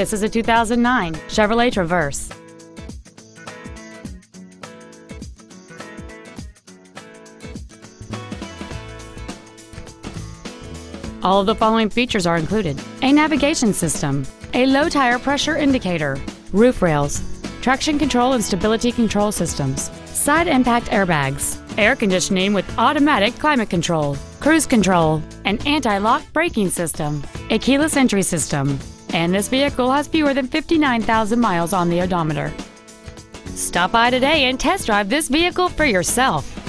This is a 2009 Chevrolet Traverse. All of the following features are included. A navigation system, a low tire pressure indicator, roof rails, traction control and stability control systems, side impact airbags, air conditioning with automatic climate control, cruise control, an anti-lock braking system, a keyless entry system, and this vehicle has fewer than 59,000 miles on the odometer. Stop by today and test drive this vehicle for yourself.